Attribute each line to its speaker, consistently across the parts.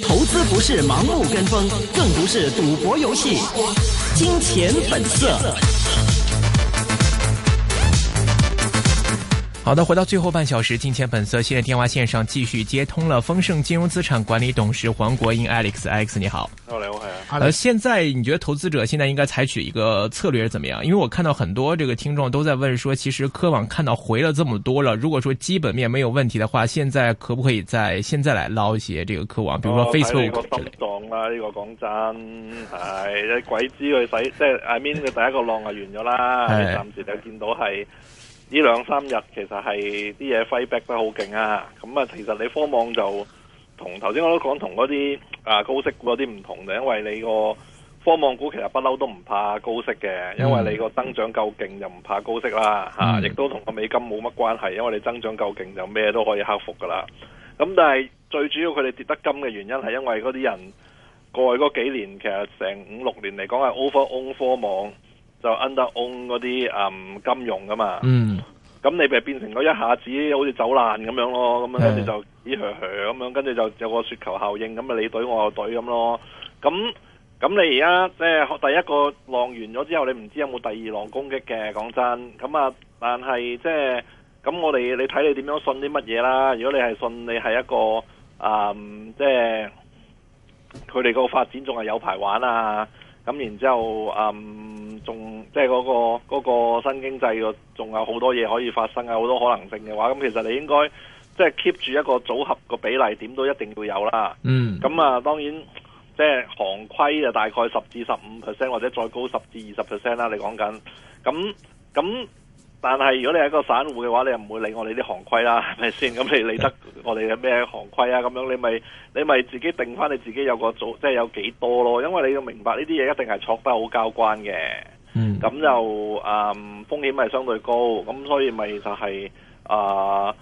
Speaker 1: 投資
Speaker 2: 不是盲目跟風，更不是賭博遊戲。金錢本色。
Speaker 1: 好的，回到最後半小時，金錢本色現在電話線上繼續接通了。豐盛金融資產管理董事黃國英 Alex，Alex 你好。而現在，你覺得投資者現在應該採取一個策略是怎麼樣？因為我看到很多這個聽眾都在問，說其實科網看到回了這麼多了，如果說基本面沒有問題的話，現在可不可以再現在來撈一些這個科網，比如說 Facebook 之類、哦、
Speaker 2: 個心臟啦，呢、這個講真係、 哎、鬼知佢使，即係 I mean 佢第一個浪就完咗啦，暫、 哎、時就見到係呢兩三日其實係啲嘢 fight back 得好勁啊，咁啊、嗯、其實你科網就。同頭先我都講，同嗰啲啊高息股有啲唔同嘅，因為你個科網股其實不嬲都唔怕高息嘅，因為你個增長夠勁就唔怕高息啦吓，亦都同個美金冇乜關係，因為你增長夠勁就咩都可以克服噶啦。咁但係最主要佢哋跌得金嘅原因係因為嗰啲人過去嗰幾年其實成五六年嚟講係 over on 科網，就 under on 嗰啲嗯金融㗎嘛。嗯咁你咪變成咗一下子好似走爛咁樣咯，咁樣跟住就咦噓噓咁樣，跟住就有個雪球效應，咁啊你隊我又隊咁咯。咁咁你而家即係第一個浪完咗之後，你唔知有冇第二浪攻擊嘅。講真，咁啊，但係即係咁，我哋你睇你點樣信啲乜嘢啦？如果你係信你係一個啊、嗯，即係佢哋個發展仲係有排玩啊。咁然之後嗯。即係嗰個嗰個新經濟嘅仲有好多嘢可以發生啊！好多可能性嘅話，咁其實你應該即係 keep 住一個組合個比例，點都一定要有啦。嗯。咁啊，當然即係行規就大概十至十五 percent，或者再高十至二十 percent 啦。你講緊咁咁，但係如果你係一個散戶嘅話，你又唔會理我哋啲行規啦，係咪先？咁你理得我哋嘅咩行規啊？咁樣你咪你咪自己定翻你自己有個組，即係有幾多咯？因為你要明白呢啲嘢一定係錯得好交關嘅。咁就誒、嗯、風險咪相對高，咁所以咪就係、是、誒、呃、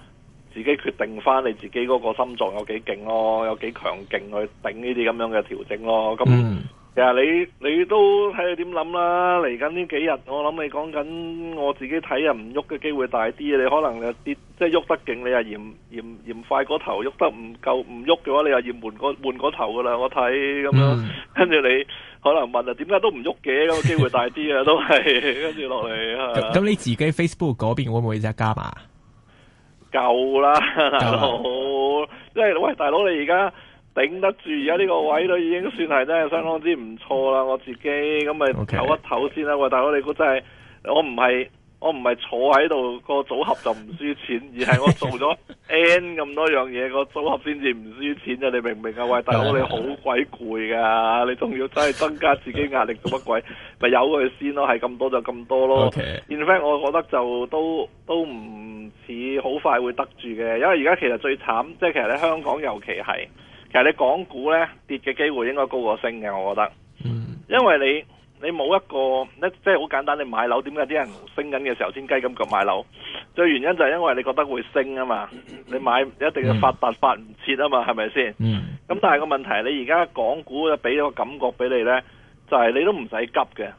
Speaker 2: 自己決定返你自己嗰個心臟有幾勁咯，有幾強勁去頂呢啲咁樣嘅調整咯，咁。嗯。呀，你你都睇點諗啦？嚟緊呢幾日，我諗你講緊，我自己睇又唔喐嘅機會大啲啊！你可能又跌，即係喐得勁，你又嫌嫌嫌快嗰頭，喐得唔夠唔喐嘅話，你又嫌悶個悶個頭噶啦，我睇咁樣。跟住你可能問啊，點解都唔喐嘅咁個機會大啲啊？都係跟住落嚟。咁咁你自
Speaker 1: 己 Facebook 嗰邊會唔會即係加碼？
Speaker 2: 夠啦，夠。即係喂，大佬你而家。頂得住而家呢個位都已經算係真係相當之唔錯啦，我自己咁咪唞一唞先啦，okay。喂大佬，你估真係我唔係我唔係坐喺度，個組合就唔輸錢， 而係我做咗 N 咁多樣嘢，個組合先至唔輸錢啫，你明唔明啊？ 喂大佬，你好鬼攰噶， 你仲要真係增加自己壓力做乜鬼？咪由佢先咯，係咁多就咁多咯。Okay. In fact，我覺得就都都唔似好快會得住嘅，因為而家其實最慘即係其實喺香港尤其係。其實你港股咧跌嘅機會應該高過升嘅，我覺得，因為你你冇一個，即係好簡單，你買樓點解啲人升緊嘅時候先雞咁腳買樓？最原因就係因為你覺得會升啊嘛，你買你一定要發達、嗯、發唔切啊嘛，係咪先？咁、嗯、但係個問題你而家港股俾咗個感覺俾你咧，就係、是、你都唔使急嘅，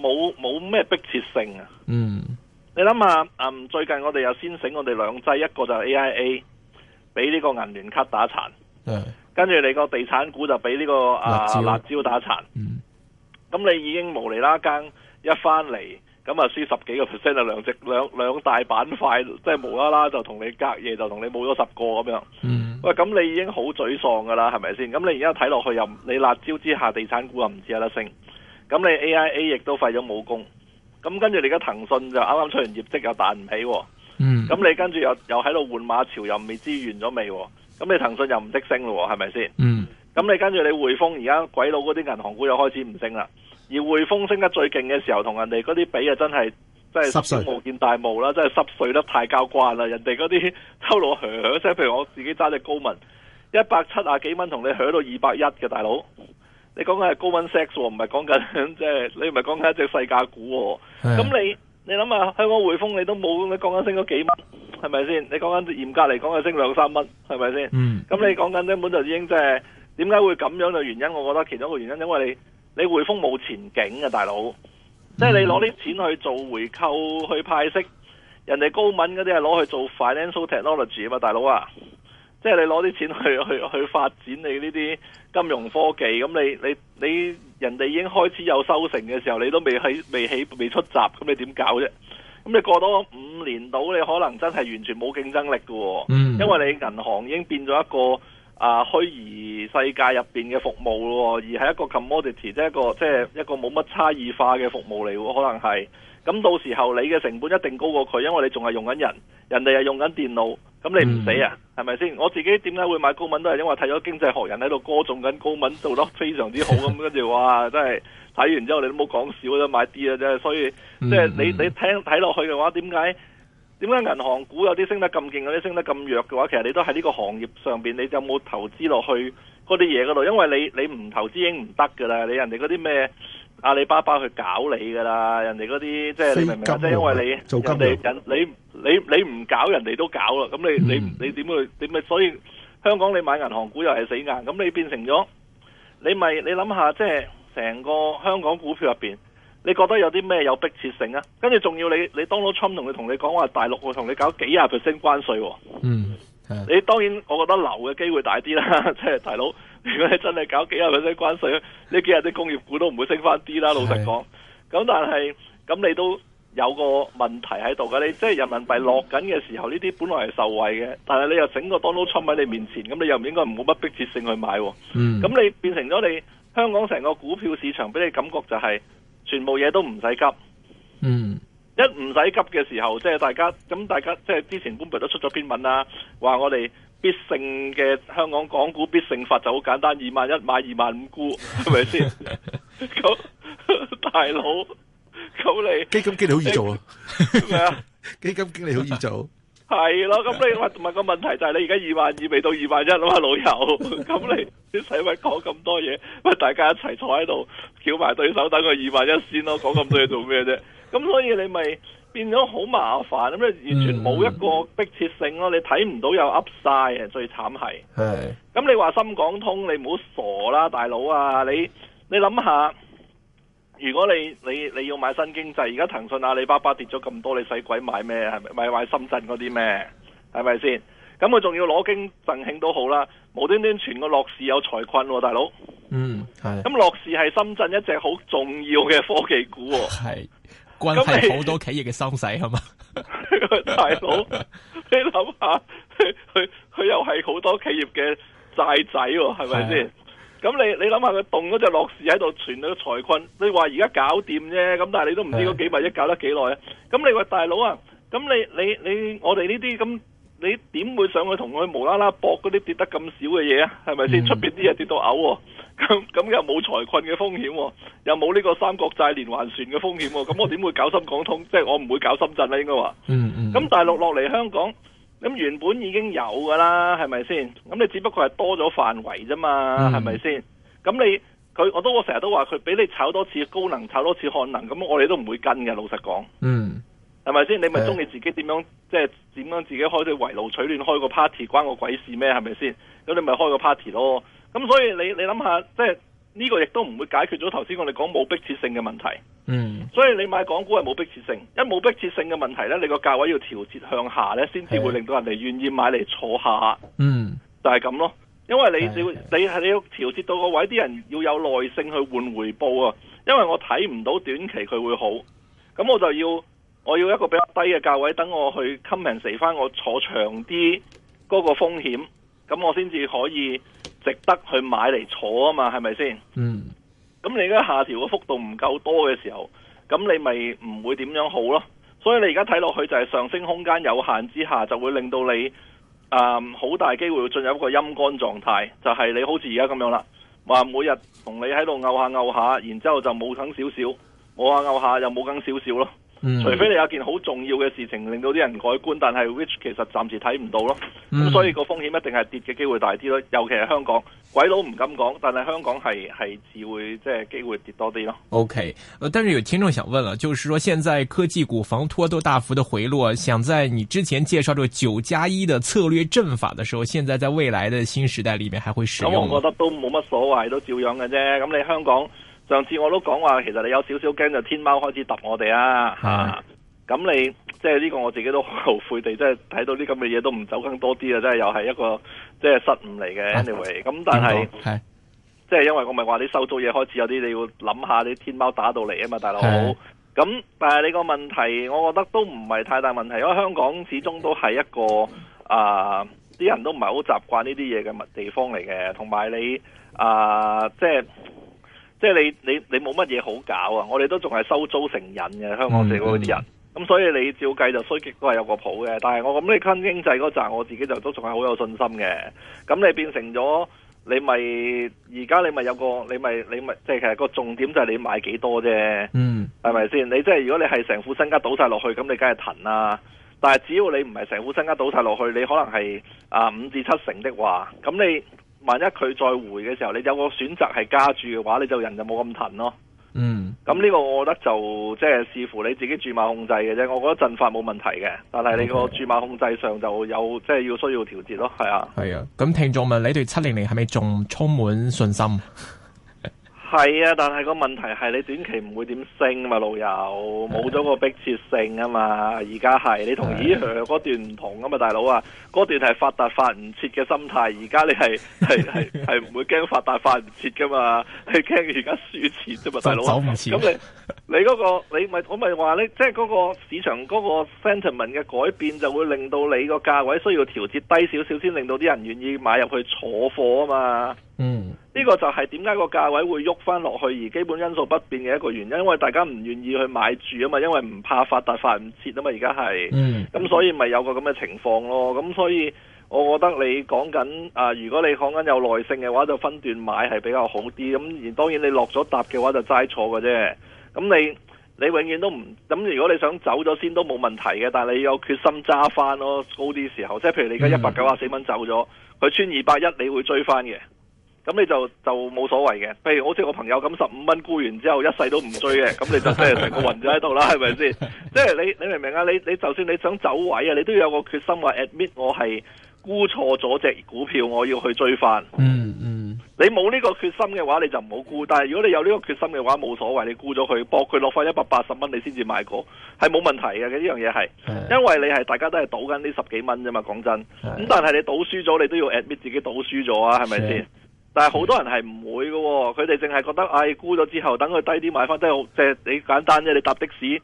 Speaker 2: 冇冇咩迫切性啊、嗯？你諗下、嗯，最近我哋又先醒，我哋兩劑一個就 AIA 俾呢個銀聯卡打殘。跟住你個地產股就俾呢個啊辣椒打殘，咁、嗯、你已經無厘啦，更一翻嚟咁啊，輸十幾個 percent 啊，兩隻兩兩大板塊即係無啦啦就同你隔夜就同你冇咗十個咁樣、嗯，喂，咁你已經好沮喪噶啦，係咪先？咁你而家睇落去又你辣椒之下地產股又唔知有得升，咁你 AIA 亦都廢咗武功，咁跟住你而家騰訊就啱啱出完業績又彈唔起，
Speaker 3: 咁、
Speaker 2: 嗯、你跟住又又喺度換馬潮又未知完咗未？咁你騰訊又唔識升咯喎，係咪先？嗯。咁你跟住你匯豐而家鬼佬嗰啲銀行股又開始唔升啦。而匯豐升得最勁嘅時候，同人哋嗰啲比啊，真係真係濕水冇見大霧啦，真係濕碎得太交關啦。人哋嗰啲偷攞響，即係譬如我自己揸隻高文，一百七啊幾蚊同你響到二百一嘅大佬。你講緊係高文 Sachs 喎，唔係講緊即係你唔係講緊一隻細價股喎。咁你。你諗下，香港匯豐你都冇，你講緊升咗幾蚊，係咪先？你講緊嚴格嚟講係升兩三蚊，係咪先？咁、嗯、你講緊根本就已經即係，點解會咁樣嘅原因？我覺得其中一個原因，因為你你匯豐冇前景嘅、啊、大佬，嗯、即係你攞啲錢去做回購、去派息，人哋高敏嗰啲係攞去做 financial technology 啊嘛，大佬啊！即係你攞啲錢去去去發展你呢啲金融科技，咁你你你人哋已經開始有收成嘅時候，你都未起未起未出閘，咁你點搞啫？咁你過多五年到，你可能真係完全冇競爭力㗎喎。因為你銀行已經變咗一個啊、呃、虛擬世界入邊嘅服務咯，而係一個 commodity，即係一個即係一個冇乜差異化嘅服務嚟喎，可能係。咁到時候你嘅成本一定高過佢，因為你仲係用緊人，人哋係用緊電腦。咁你唔死啊？係咪先？我自己點解會買高敏都係因為睇咗經濟學人喺度歌頌緊高敏， 做得非常之好咁。跟住哇，真係睇完之後你都冇講少都買啲啊真係，所以即係、嗯、你你睇落去嘅話，點解點解銀行股有啲升得咁勁，有啲升得咁弱嘅話，其實你都喺呢個行業上面，你就有冇投資落去嗰啲嘢嗰度？因為你你唔投資已經唔得噶啦，你人哋嗰啲咩？阿里巴巴去搞你噶啦，人哋嗰啲即係你明唔明啊？即係因為你做金融你你你唔搞，人哋都搞啦。咁你、嗯、你你點會點會？所以香港你買銀行股又係死硬。咁你變成咗，你咪你諗下，即係成個香港股票入邊，你覺得有啲咩有迫切性啊？跟住仲要你你 Donald Trump 同佢同你講話，大陸會同你搞幾廿 percent 關稅喎。嗯，你當然我覺得流嘅機會大啲啦，即 係、就是、大佬。如果你真係搞幾廿 percent 關稅，呢幾日啲工業股都唔會升翻啲啦。老實講，咁但係咁你都有個問題喺度㗎。你即係人民幣落緊嘅時候，呢、嗯、啲本來係受惠嘅，但係你又整個 Donald Trump 喺你面前，咁你又唔應該好乜迫切性去買喎。咁、嗯、你變成咗你香港成個股票市場俾你感覺就係、是、全部嘢都唔使急。
Speaker 3: 嗯，
Speaker 2: 一唔使急嘅時候，即係大家咁大家即係之前官媒都出咗篇文啦，話我哋。必勝嘅香港港股必勝法就好簡單，二萬一買二萬五沽，係咪先？咁 大佬，咁你基金經理好易做啊？咩啊？基金經理好易做、啊 是啊？係 咯， 咁你問問、那個問題就係你而家二萬二未到二萬一啦嘛，老友，咁你你使乜講咁多嘢？喂，大家一齊坐喺度翹埋對手，等佢二萬一先咯，講咁多嘢做咩啫？咁 所以你咪。變咗好麻煩，咁啊完全冇一個迫切性咯，嗯，你睇唔到有 upside，最慘係。係，咁你話深港通，你唔好傻啦，大佬啊，你你諗下，如果你你你要買新經濟，而家騰訊、阿里巴巴跌咗咁多，你使鬼買咩？係咪買買深圳嗰啲咩？係咪先？咁佢仲要攞經振興都好啦，無端端全個樂視有財困，啊，大佬。
Speaker 3: 嗯，
Speaker 1: 係。咁
Speaker 2: 樂視係深圳一隻好重要嘅科技股，啊。係。關係好多
Speaker 1: 企業嘅生死係嘛，
Speaker 2: 大佬，你諗下，佢佢佢又係好多企業嘅債仔喎、哦，係咪先？咁、啊、你你諗下，佢動嗰隻樂視喺度傳到個財困，你話而家搞掂啫，咁但係你都唔知嗰幾萬億搞得幾耐啊？咁你話大佬啊，咁你你你，你你你我哋呢啲咁。你點會上去同佢無啦啦搏嗰啲跌得咁少嘅嘢、嗯、啊？係咪先出面啲嘢跌到嘔喎？咁咁又冇財困嘅風險喎、啊，又冇呢個三角債連環船嘅風險喎、啊。咁 我點會搞深港通？即、就、係、是、我唔會搞深圳呢、啊？應該話。嗯嗯。咁大陸落嚟香港，咁原本已經有噶啦，係咪先？咁你只不過係多咗範圍啫嘛，係咪先？咁你佢我都我成日都話佢俾你炒多次高能，炒多次漢能，咁我哋都唔會跟嘅。老實講。嗯。係咪先？你咪中意自己點樣，是即係點樣自己開啲圍爐取暖開個 party，關我鬼事咩？係咪先？咁你咪開個 party 咯。咁所以你你諗下，即係呢、這個亦都唔會解決咗頭先我哋講冇迫切性嘅問題。嗯。所以你買港股係冇迫切性，一冇迫切性嘅問題呢，你個價位要調節向下呢，先至會令到人哋願意買嚟坐下。嗯。就係、是、咁咯，因為你你你要調節到個位，啲人要有耐性去換回報啊。因為我睇唔到短期佢會好，咁我就要。我要一個比較低嘅價位，等我去 compensate 翻我坐長啲嗰個風險，咁我先至可以值得去買嚟坐啊嘛，係咪先？嗯。咁你而家下調嘅幅度唔夠多嘅時候，咁你咪唔會點樣好咯。所以你而家睇落去就係上升空間有限之下，就會令到你啊好、嗯、大機會進入一個陰乾狀態，就係、是、你好似而家咁樣啦，話每日同你喺度拗下拗下，然之後就冇等少少，冇話拗下又冇等少少咯。嗯、除非你有件好重要嘅事情令到啲人改觀，但係 which 其實暫時睇唔到咯，咁、嗯、所以個風險一定係跌嘅機會大啲咯。尤其係香港，鬼佬唔敢講，但係香港係係只會即係機會跌多啲咯。
Speaker 1: OK，但係有聽眾想問啦，就是說現在科技股、房託都大幅嘅回落，想在你之前介紹住九加一的策略陣法的時候，現在在未來的新時代裏面還會使用？咁我覺
Speaker 2: 得都冇乜所謂，都照樣嘅啫。咁你香港。上次我都講話，其實你有少少驚，就天貓開始揼我哋啊！咁、啊、你即係呢個，我自己都後悔地，即係睇到呢咁嘅嘢都唔走更多啲啊！真係又係一個即係失誤嚟嘅。Anyway，咁但係即係因為我咪話你收租嘢開始有啲你要諗下你天貓打到嚟啊嘛，大佬。咁但係你個問題，我覺得都唔係太大問題，因為香港始終都係一個啊啲、呃、人都唔係好習慣呢啲嘢嘅地方嚟嘅，同埋你啊、呃、即係。即係你你你冇乜嘢好搞啊！我哋都仲係收租成癮嘅香港社會啲人，咁、嗯嗯、所以你照計就衰極都係有個譜嘅。但係我咁你跟經濟嗰陣，我自己就都仲係好有信心嘅。咁你變成咗，你咪而家你咪有個，你咪你咪，即係其實個重點就係你買幾多啫。嗯，係咪先？你即係如果你係成副身家倒晒落去，咁你梗係騰啦。但係只要你唔係成副身家倒晒落去，你可能係啊五至七成的話，咁你。萬一佢再回嘅時候，你有個選擇係加住嘅話，你就人就冇咁騰咯。嗯，咁呢個我覺得就即係、就是、視乎你自己注碼控制嘅啫。我覺得陣法冇問題嘅，但係你個注碼控制上就有即係要需要調節咯。係、嗯、啊，
Speaker 1: 係、嗯、啊。咁聽眾問你對七零零係咪仲充滿信心？
Speaker 2: 係啊，但係個問題係你短期唔會點升啊嘛，老友冇咗個迫切性啊嘛，而家係你同以前嗰段唔同啊嘛，大佬啊，嗰段係發達發唔切嘅心態，而家你係係係係唔會驚發達發唔切噶嘛，你驚而家輸錢啫嘛，大佬走唔切。咁你你嗰個你咪我咪話咧，即係嗰個市場嗰個 sentiment 嘅改變就會令到你個價位需要調節低少少，先令到啲人願意買入去坐貨啊嘛。嗯，呢、這個就係點解個價位會喐翻落去而基本因素不變嘅一個原因，因為大家唔願意去買住啊嘛，因為唔怕發達快唔切啊嘛，而家係，咁、嗯、所以咪有個咁嘅情況咯。咁所以我覺得你講緊啊、呃，如果你講緊有耐性嘅話，就分段買係比較好啲。咁、呃、然，當然你落咗搭嘅話就齋坐嘅啫。咁你你永遠都唔咁，如果你想走咗先都冇問題嘅，但係你有決心揸翻咯，高啲時候，即係譬如你而家一百九啊四蚊走咗，佢穿二百一你會追翻嘅。咁你就就冇所謂嘅，譬如好似我朋友咁，十五蚊沽完之後一世都唔追嘅，咁 你就 是是 即係成個暈咗喺度啦，係咪先？即係你你明唔明啊？你你就算你想走位啊，你都要有個決心話 admit 我係沽錯咗隻股票，我要去追翻。嗯嗯，你冇呢個決心嘅話，你就唔好沽。但係如果你有呢個決心嘅話，冇所謂，你沽咗佢，博佢落翻一百八十蚊，你先至買過，係冇問題嘅。呢樣嘢係，因為你係大家都係賭緊呢十幾蚊啫嘛，講真。咁但係你賭輸咗，你都要 admit 自己賭輸咗啊，係咪先？但係好多人係唔會喎。佢哋淨係覺得，哎，估咗之後等佢低啲買翻都好，即係你簡單啫。你搭的士，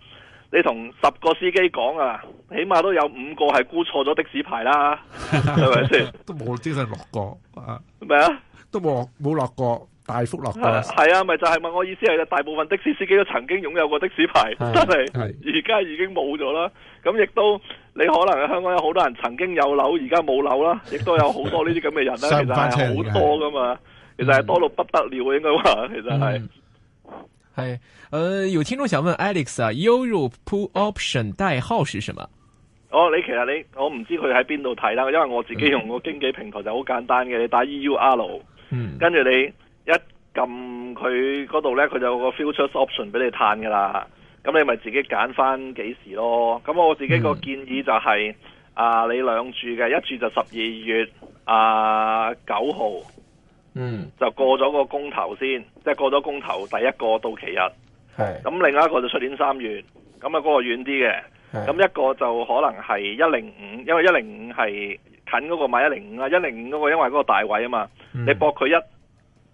Speaker 2: 你同十個司機講啊，起碼都有五個係估錯咗的士牌啦，係咪先？都冇
Speaker 1: 精神落過啊？咩？啊？啊都冇冇落，落過。
Speaker 2: 大福林，嘅，係啊，咪就係問，我意思係大部分的士司機都曾經擁有過的士牌，真係，而家已經冇咗啦。咁亦都你可能香港有好多人曾經有樓，而家冇樓啦，亦都有好多呢啲咁嘅人啦， 其實好多噶嘛、嗯，其實係多到不得了嘅應該話、嗯，其實
Speaker 1: 係。係，誒、呃，有聽眾想問 Alex 啊，Euro p o o Option 代號是什麼？
Speaker 2: 哦，你其實你我唔知佢喺邊度睇啦，因為我自己用個經紀平台就好簡單嘅，你打 E U R，嗯，跟住你。一撳佢嗰度呢，佢就有個 future option 俾你嘆噶啦。咁你咪自己揀返幾時咯。咁我自己個建議就係、是嗯、啊，你兩注嘅，一注就十二月啊九號，嗯，就過咗個公投先，即係過咗公投第一個到期日。咁，另外一個就出年三月，咁啊嗰個遠啲嘅。咁一個就可能係一零五，因為一零五係近嗰個買一零五啊，一零五嗰個因為嗰個大位啊嘛、嗯，你博佢一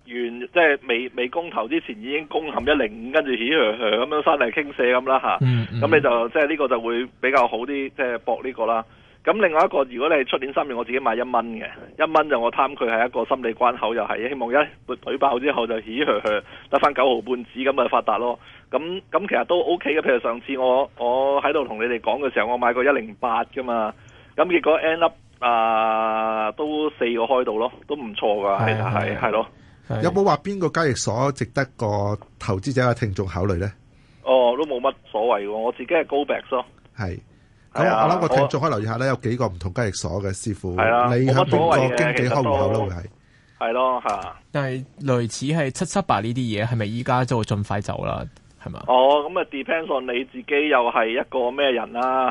Speaker 2: 完即係未未公投之前，已經攻陷一零五，跟住嘻嘻呵咁樣返嚟傾瀉咁啦吓，咁、嗯嗯、你就即係呢個就會比較好啲，即係搏呢個啦。咁另外一個，如果你係出年三月，我自己買一蚊嘅，一蚊就我貪佢係一個心理關口、就是，又係希望一攰爆之後就嘻嘻呵得翻九毫半紙咁咪發達咯。咁咁其實都 OK 嘅。譬如上次我我喺度同你哋講嘅時候，我買過一零八㗎嘛，咁結果 end up 啊都四個開到咯，都唔錯㗎，係係係咯。有冇話邊個交易所值得個投資者嘅聽眾考慮咧？哦，都冇乜所謂喎，我自己係高 k 咯。係咁、啊，我諗個聽眾可以留意下咧、啊，有幾個唔同交易所嘅師傅，啊、你喺邊個經紀開戶口咧、啊、會係？係咯吓，但係類
Speaker 1: 似係七七八呢啲嘢，係咪依家就盡快走啦？
Speaker 2: 係嘛？哦，咁啊，depends on 你自己又係一個咩人啦、啊、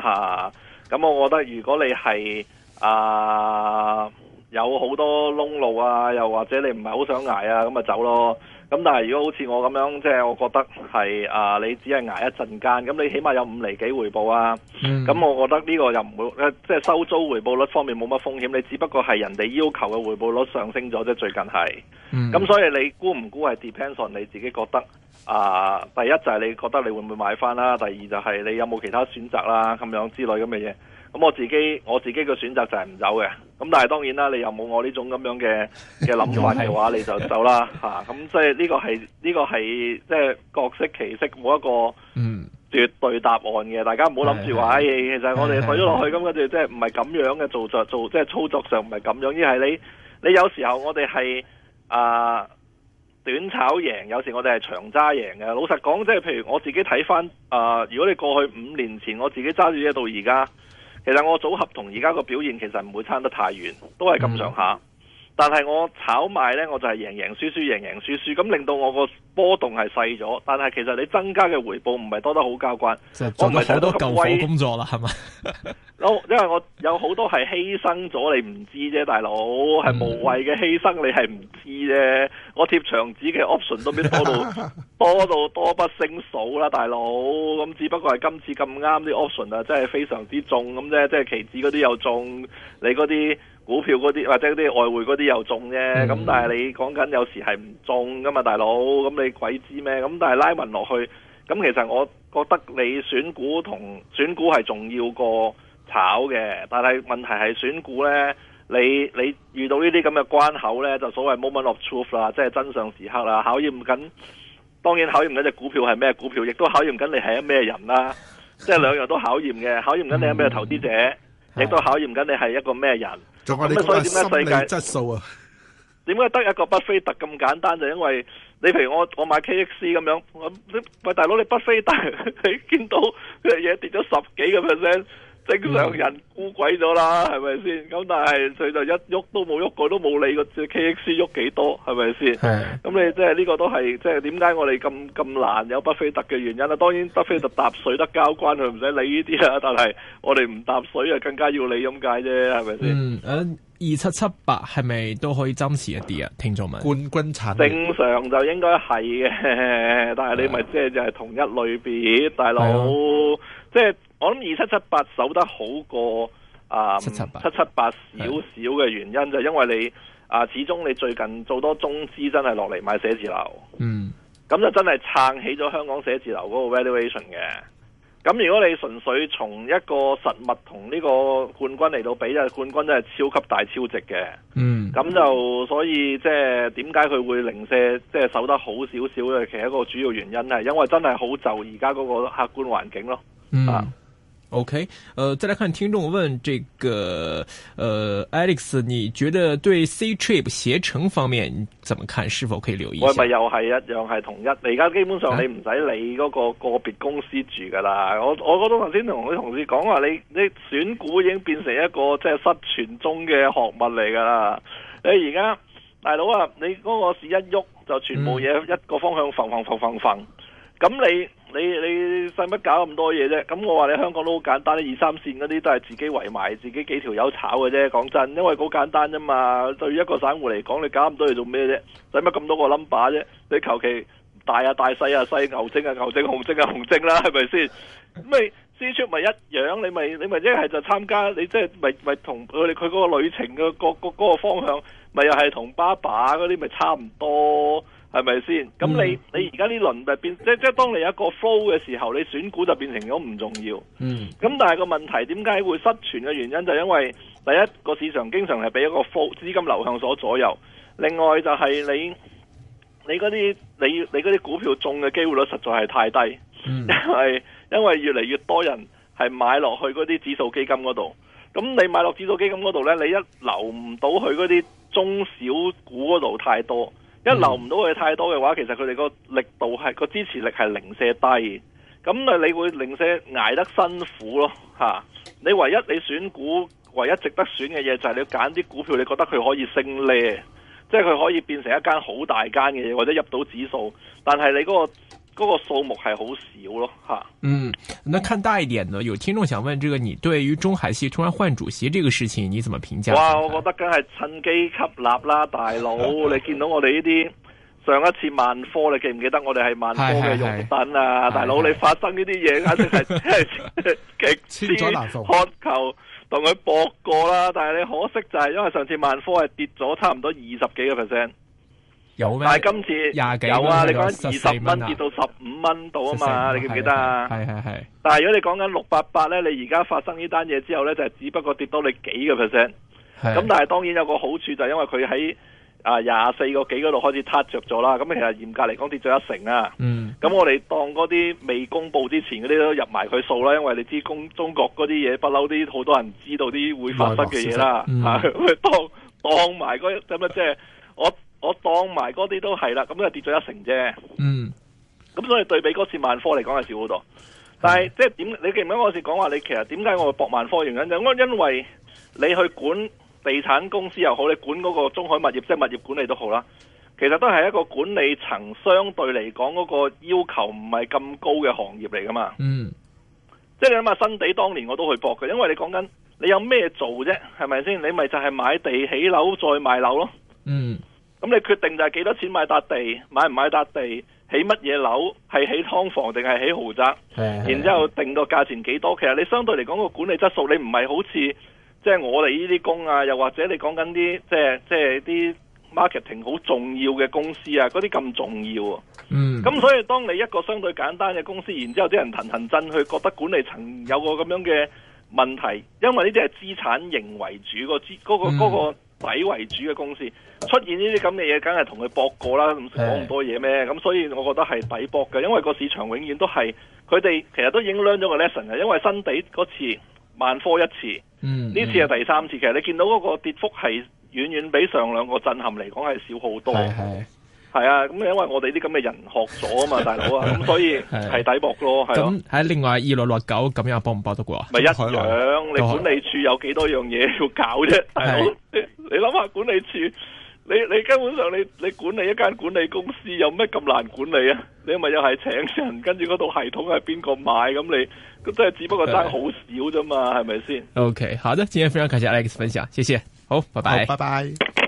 Speaker 2: 吓。咁、啊、我覺得如果你係啊。有好多窿路啊，又或者你唔係好想捱啊，咁咪走咯。咁但係如果好似我咁樣，即係我覺得係啊、呃，你只係捱一陣間，咁你起碼有五厘幾回報啊。咁、嗯、我覺得呢個又唔會，即係收租回報率方面冇乜風險。你只不過係人哋要求嘅回報率上升咗啫。即最近係，咁、嗯、所以你估唔估係 depends on 你自己覺得啊、呃。第一就係你覺得你會唔會買返啦？第二就係你有冇其他選擇啦、啊，咁樣之類咁嘅嘢。咁我自己我自己嘅選擇就係唔走嘅。咁但係當然啦，你又冇我呢種咁樣嘅嘅諗法嘅話，你就走啦吓。咁即係呢個係呢個係即係各適其適，冇一個絕對答案嘅、嗯。大家唔好諗住話，唉、嗯哎，其實我哋退咗落去咁，跟住即係唔係咁樣嘅做作做，即係操作上唔係咁樣，而係你你有時候我哋係啊短炒贏，有時候我哋係長揸贏嘅。老實講，即係譬如我自己睇翻啊，如果你過去五年前我自己揸住嘢到而家。其實我個組合同而家個表現其實唔會差得太遠，都係咁上下。但係我炒賣呢，我就係贏贏輸輸，贏贏輸輸，咁令到我個波動係細咗。但係其實你增加嘅回報唔係多得好交關，
Speaker 1: 其實我係好多救火工作啦，係嘛？
Speaker 2: 因為我有好多係犧牲咗，你唔知啫，大佬係無謂嘅犧牲，你係唔知啫。我貼牆紙嘅 option 都變多到 多到多不勝數啦，大佬。咁只不過係今次咁啱啲 option 啊，真係非常之重咁啫，即係期指嗰啲又中你嗰啲。股票嗰啲或者嗰啲外匯嗰啲又中啫，咁、嗯、但係你講緊有時係唔中噶嘛，大佬咁你鬼知咩？咁但係拉匀落去，咁其實我覺得你選股同選股係重要過炒嘅，但係問題係選股咧，你你遇到呢啲咁嘅關口咧，就所謂 moment of truth 啦，即係真相時刻啦，考驗緊，當然考驗緊隻股票係咩股票，亦都考驗緊你係咩人啦、啊，即係兩樣都考驗嘅，考驗緊你係咩投資者，亦、嗯、都考驗緊你係一個咩人。咁所以點解世界質素啊？點解得一個巴菲特咁簡單？就因為你譬如我我買 K X C 咁樣，我喂大佬你巴菲特，你見到嘅嘢跌咗十幾個 percent。正常人估鬼咗啦，係咪先？咁但係佢就一喐都冇喐過，都冇理個 K X C 喐幾多，係咪先？係咁、啊、你即係呢個都係即係點解我哋咁咁難有畢菲特嘅原因啦、啊、當然畢菲特搭水得交關，佢唔使理呢啲啦，但係我哋唔搭水啊，更加要理咁解啫，係咪
Speaker 1: 先？嗯，誒、嗯，二七七八係咪都可以增持一啲啊，啊？聽眾問冠軍產，正
Speaker 2: 常就應該係嘅，但係你咪即係就係同一類別，啊，大佬即係。我諗二七七八守得好過啊，呃、七七八少少嘅原因就係，因為你啊，呃、始終你最近做多中資真係落嚟買寫字樓，嗯，咁就真係撐起咗香港寫字樓嗰個 valuation 嘅。咁如果你純粹從一個實物同呢個冠軍嚟到比，就冠軍真係超級大超值嘅。嗯，
Speaker 3: 咁就
Speaker 2: 所以即係點解佢會零舍即係守得好少少嘅，其實一個主要原因係因為真係好遷就而家嗰個客觀環境咯。嗯。
Speaker 1: 啊 O、okay, K，呃，再來看聽眾問，這個，呃，Alex，你覺得對 Ctrip 攜程方面，你怎麼看？是否可以留意一下？係咪又
Speaker 2: 係一樣，係同一。你而家基本上你唔使理嗰個個別公司住噶啦、啊。我我嗰度頭先同啲同事講話，你你選股已經變成一個即係、就是、失傳中嘅學物嚟噶啦。你而家大佬啊，你嗰個市一喐就全部嘢一個方向，放、嗯、放、放。咁你你你使乜搞咁多嘢啫？咁我話你香港都好簡單，二三線嗰啲都係自己圍埋，自己幾條友炒嘅啫。講真，因為好簡單啫嘛。對於一個散戶嚟講，你搞咁多嘢做咩啫？使乜咁多個 number 啫？你求其大啊大細啊細牛精啊牛精,牛精,呀牛精紅精啊紅精啦，係咪先？咁咪支出咪一樣？你咪你咪一係就參加，你即係咪咪同佢哋佢嗰個旅程嘅嗰、嗰個嗰個方向，咪又係同爸爸嗰啲咪差唔多？係咪先？咁你、嗯、你而家呢輪就變即即，即當你有一個 flow 嘅時候，你選股就變成咗唔重要。
Speaker 3: 嗯。
Speaker 2: 咁但係個問題，點解會失傳嘅原因就係、因為第一個市場經常係俾一個 flow 資金流向所左右。另外就係你你嗰啲你你嗰啲股票中嘅機會率實在係太低。嗯、因為因為越嚟越多人係買落去嗰啲指數基金嗰度。咁你買落指數基金嗰度呢，你一流唔到去嗰啲中小股嗰度太多。嗯、一留唔到佢太多嘅話，其實佢哋個力度係個支持力係零舍低，咁啊你會零舍挨得辛苦咯吓、啊，你唯一你選股，唯一值得選嘅嘢就係你揀啲股票，你覺得佢可以升咧，即係佢可以變成一間好大間嘅嘢，或者入到指數，但係你嗰、嗰個。嗰、那個數目係好少咯嚇、
Speaker 1: 啊。嗯，那看大一點呢？有聽眾想問，這個你對於中海系突然換主席這個事情，你怎麼評價？哇！我
Speaker 2: 覺得梗係趁機吸納啦，大佬。你見到我哋呢啲上一次萬科，你記唔記得我哋係萬科嘅用品啊？哎哎哎大佬，哎哎你發生呢啲嘢，簡直係極之渴求同佢搏過啦。但係你可惜就係因為上次萬科係跌咗差唔多二十幾個 percent。有，但係今次有啊！你講緊二十蚊跌到十五蚊度啊嘛，你記唔記得啊？係係係。但係如果你講緊六八八咧，你而家發生呢單嘢之後咧，就只不過跌多你幾個 percent。
Speaker 3: 咁但係
Speaker 2: 當然有個好處就係因為佢喺啊廿四個幾嗰度開始撻着咗啦。咁其實嚴格嚟講跌咗一成啊。咁、嗯、我哋當嗰啲未公布之前嗰啲都入埋佢數啦，因為你知公中國嗰啲嘢不嬲，啲好多人知道啲會發生嘅嘢啦。吓、嗯啊，當當埋嗰咁啊，即係。 我當埋嗰啲都係啦，咁就跌咗一成啫。嗯，咁所以對比嗰次萬科嚟講係少好多，但係、嗯、即係點？你記唔記得我時講話你其實點解我會博萬科原因，就我因為你去管地產公司又好，你管嗰個中海物業即係物業管理都好啦，其實都係一個管理層相對嚟講嗰個要求唔係咁高嘅行業嚟噶嘛。嗯，即係你諗下，新地當年我都去博佢，因為你講緊你有咩做啫，係咪先？你咪就係買地起樓再賣樓咯。嗯。咁你決定就係幾多錢買笪地，買唔買笪地，起乜嘢樓，係起劏房定係起豪宅？ 然之後定個價錢幾多？其實你相對嚟講，嗰個管理質素，你唔係好似即係我哋呢啲工啊，又或者你講緊啲即係即係啲 marketing 好重要嘅公司啊，嗰啲咁重要啊。嗯。咁所以當你一個相對簡單嘅公司，然之後啲人騰騰震去，覺得管理層有個咁樣嘅問題，因為呢啲係資產型為主嗰、嗰個、嗰個底為主嘅公司。嗯。出現呢啲咁嘅嘢，梗係同佢搏過啦，唔講咁多嘢咩？咁所以我覺得係抵搏嘅，因為個市場永遠都係佢哋其實都已經 learn 咗個 lesson 嘅，因為新地嗰次、萬科一次，呢、嗯、次係第三次。嗯、其實你見到嗰個跌幅係遠遠比上兩個震撼嚟講係少好多。係係係啊！咁因為我哋啲咁嘅人學咗啊嘛， 大佬啊，咁所以係抵搏咯，係咯。
Speaker 1: 喺另外二六六九咁樣搏唔搏得過啊？咪一樣，你管理
Speaker 2: 處有幾多樣嘢要搞啫，大佬？你諗下管理處。你你根本上你你管理一間管理公司有咩咁難管理啊？你咪又係請人，跟住嗰套系統係邊個買咁你，都真係只不過爭好少啫嘛，係咪先
Speaker 1: ？OK，好的，今天非常感謝 Alex 分享，謝謝，好，拜拜，拜
Speaker 2: 拜。